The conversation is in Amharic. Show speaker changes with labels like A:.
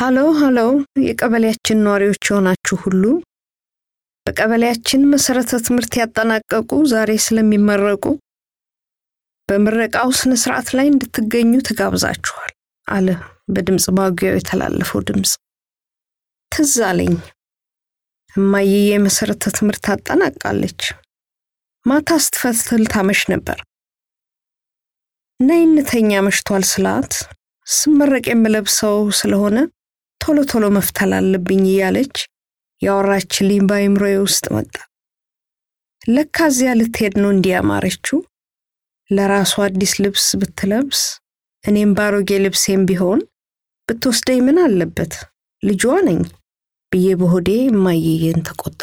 A: ሀሎ ሀሎ የቀበሌያችን ነዋሪዎች የሆናችሁ ሁሉ በቀበሌያችን መሰረተ ትምህርት ያጠናቀቁ ዛሬ ስለሚመረቁ በምረቃው ስነ ስርዓት ላይ እንድትገኙ ተጋብዛችኋል አለ በድምፅ ማጉያው የተላለፈው ድምፅ ትዝ አለኝ እማዬ የመሰረተ ትምህርት አጠናቃለች ማታ ስትፈትል ታመሽ ነበር ነይንተኛ መሽቷል ስላት ስመረቅ የምለብሰው ስለሆነ ቶሎ ቶሎ መፍታል አለብኝ እያለች ያወራችልኝ በአይምሮዬ ውስጥ መጣ። ለካ እዚያ ልትሄድ ነው እንዲህ ያማረችው። ለራሱ አዲስ ልብስ ብትለብስ እኔም ባሮጌ ልብሴም ቢሆን ብትወስደኝ ምን አለበት ልጇ ነኝ ብዬ በሆዴ እማየየን ተቆጣ።